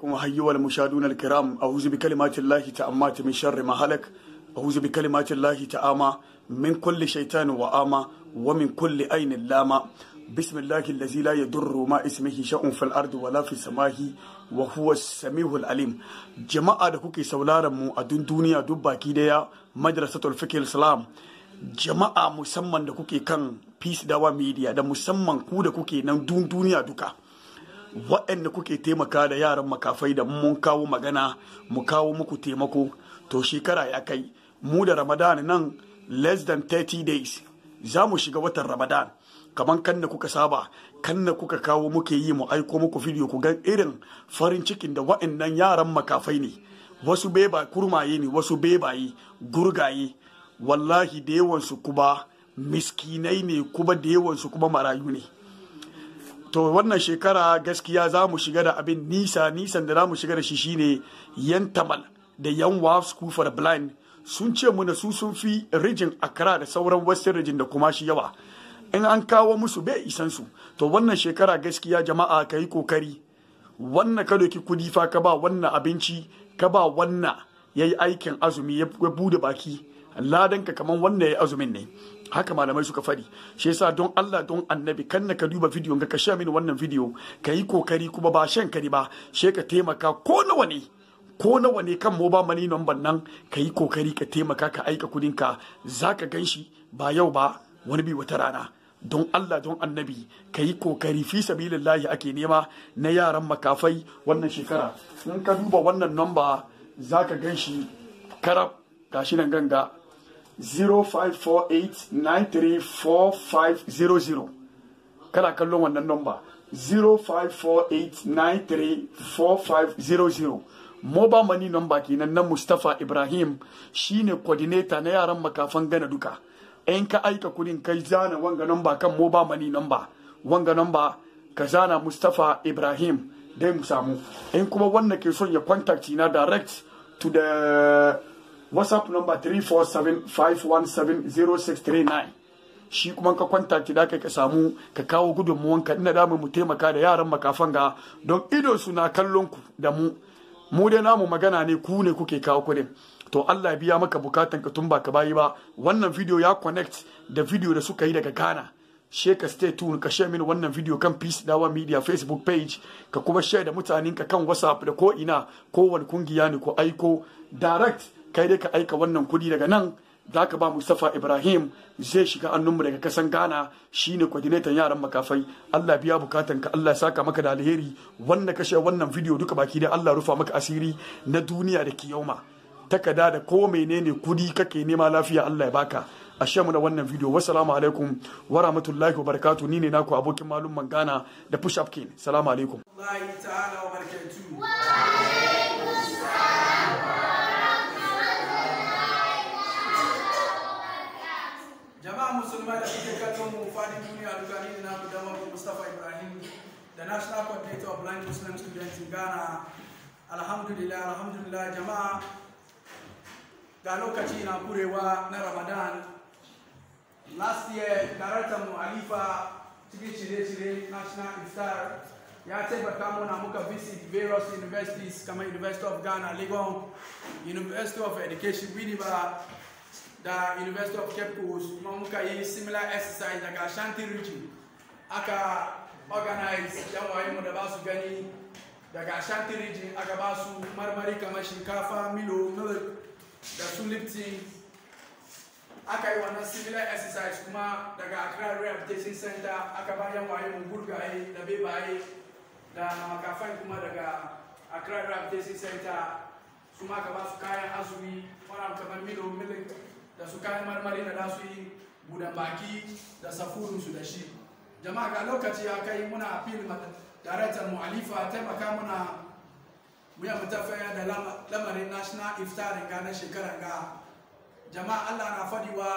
kuma hayyuwal mushadunal kiram a'udhu bi ta ta'ammati min sharri mahalak halak a'udhu bi kalimatillahi ta'ama min kulli shaitani wa ama wa min kulli ainin lama bismillahi allazi la yadurru ma ismihi sha'un fil ardi wala fis samahi wa huwa samihul alim jama'a da kuke sauraron mu a dun duniya duk baki daya madrasatul fiqh jama'a musamman da kuke kan peace dawa media da musamman ku da kuke nan dun duniya duka waɗanda kuke taimaka da yaran makafai da mun kawo magana mu kawo muku taimako to shekara ya kai mu da ramadan nan less than 30 days za mu shiga watan ramadan kamar kan da kuka saba kan da kuka kawo muke yi mu aiko muku video ku ga irin farin cikin da waɗannan yaran makafai ne wasu beba kurmaye ne wasu bebaye gurgaye wallahi da yawansu kuma miskinai ne kuma da yawansu kuma marayu ne to wannan shekara gaskiya za mu shiga da abin nisa nisan da za mu shiga da shi shine yan tamal da yan waf school for blind sun ce muna su sun fi rijin akara da sauran western rijin da kuma shi yawa in an kawo musu bai isan su to wannan shekara gaskiya jama'a ka yi kokari wannan ka doki kudi fa ka ba wannan abinci ka ba wannan ya yi aikin azumi ya bude baki ladanka kaman wanda ya azumin ne haka malamai suka fari shi yasa don Allah don annabi kanna ka duba bidiyon ka sha mini wannan video ka yi kokari kuma ba shan kari ba she ka taimaka ko nawa ne ko nawa ne kan mobile money number nan ka yi kokari ka taimaka ka aika kudin ka zaka ganshi ba yau ba wani bi wata rana don Allah don annabi ka yi kokari fi sabilillahi ake nema na yaran makafai wannan shekara in ka duba wannan number zaka ganshi karab gashi nan ganga 0548-934500 kana kallon wannan nomba 0548-934500 mobile money number kenan na mustapha ibrahim shine coordinator na yaran makafan gana duka in ka aika kudin kai zana wanga number kan mobile money number wanga number ka zana mustapha ibrahim dai mu samu in kuma wanda ke son ya contact na direct to the whatsapp number 347-517-0639 shi kuma ka kwanta ki da ka samu ka kawo gudunmuwanka ina da mu taimaka da yaran makafan ga don ido su na kallon ku da mu mu dai namu magana ne ku ne kuke kawo kuɗin to Allah ya biya maka bukatan ka tun ba ka bayi ba wannan video ya connect da video da suka yi daga Ghana she ka stay tuned ka share mini wannan video kan Peace Dawa Media Facebook page ka kuma share da mutanen ka kan WhatsApp da ko ina kowane kungiya ne ko aiko direct kai dai ka aika wannan kuɗi daga nan za ka ba mustafa Ibrahim zai shiga annunmu daga kasan Ghana shine coordinator yaran makafai Allah biya bukatan ka Allah saka maka da alheri wannan kashe wannan video duka baki dai Allah rufa maka asiri na duniya da kiyoma takada da ko menene kudi kake nema lafiya Allah ya baka ashe mu da wannan video wassalamu alaikum wa rahmatullahi wa barakatuh ni ne naku abokin malum mangana da push up king assalamu alaikum ta'ala wa barakatuh Juma'a da kuke kallon mu fadin duniya duka ni Mustafa Ibrahim da National Coordinator of Blind Muslim Students in Ghana. Alhamdulillah, alhamdulillah jama'a ga na kurewa na Ramadan. Last year, daraktan mu Alifa cikin shirye National Iftar ya taimaka muna muka visit various universities kamar University of Ghana, Legon, University of Education, Winneba, da University of Cape Coast kuma muka yi similar exercise daga Ashanti region aka organize yan mu da ba gani daga Ashanti region aka su marmari kamar shinkafa milo milk da su lipton aka yi wannan similar exercise kuma daga Accra Rehabilitation Center aka ba yan waye mu gurgaye da bebaye da makafai kuma daga Accra Rehabilitation Center su ma ka ba su kayan azumi wani kamar milo milik da su kayan marmari da su yi budan baki da su da shi jama'a ga lokaci ya kai muna apil daraitar mu'alifa taimaka muna muya mutafiya da lamarin national iftar ga na shekarar ga jama'a allah na fadiwa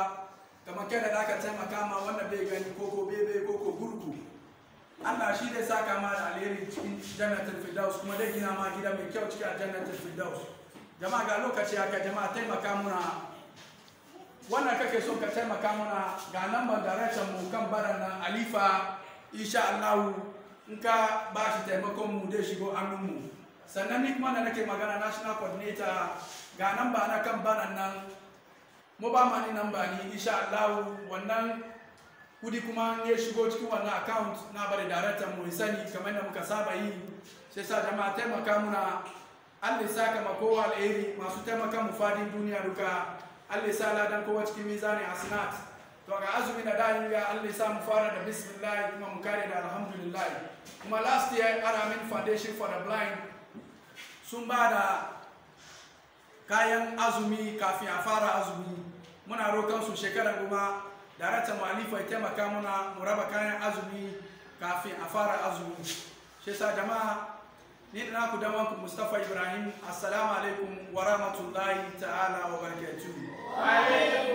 kamar kada da aka taimaka ma wanda bai gani koko bebe koko gurgu allah shi dai saka ma da alheri cikin jannatin firdaus kuma dai gina ma gida mai kyau cikin jannatin firdaus jama'a ga lokaci ya kai jama'a taimaka muna wannan kake son ka taimaka mana ga lambar direction mu kan bara na alifa insha Allah in ka ba shi taimakon mu dai shigo amin mu sannan ni kuma nake magana national coordinator ga ba na kan bara nan ni nan number ni insha Allah wannan kudi kuma ya shigo cikin wannan account na bari director mu sani kamar da muka saba yi sai sa jama'a taimaka muna Allah ya saka ma kowa alheri masu taimaka mu fadin duniya duka Allah ya sa ladan kowa cikin mizani hasanat to ga azumi na dan ya Allah ya sa mu fara da bismillah kuma mu kare da alhamdulillah kuma last year Aramin Foundation for the Blind sun ba da kayan azumi kafin a fara azumi muna rokan su shekara goma rata mu'alifa ya taimaka muna mu raba kayan azumi kafin a fara azumi shi sa jama'a ni da naku damanku mustapha ibrahim assalamu alaikum wa rahmatullahi ta'ala wa barakatuhu Amen.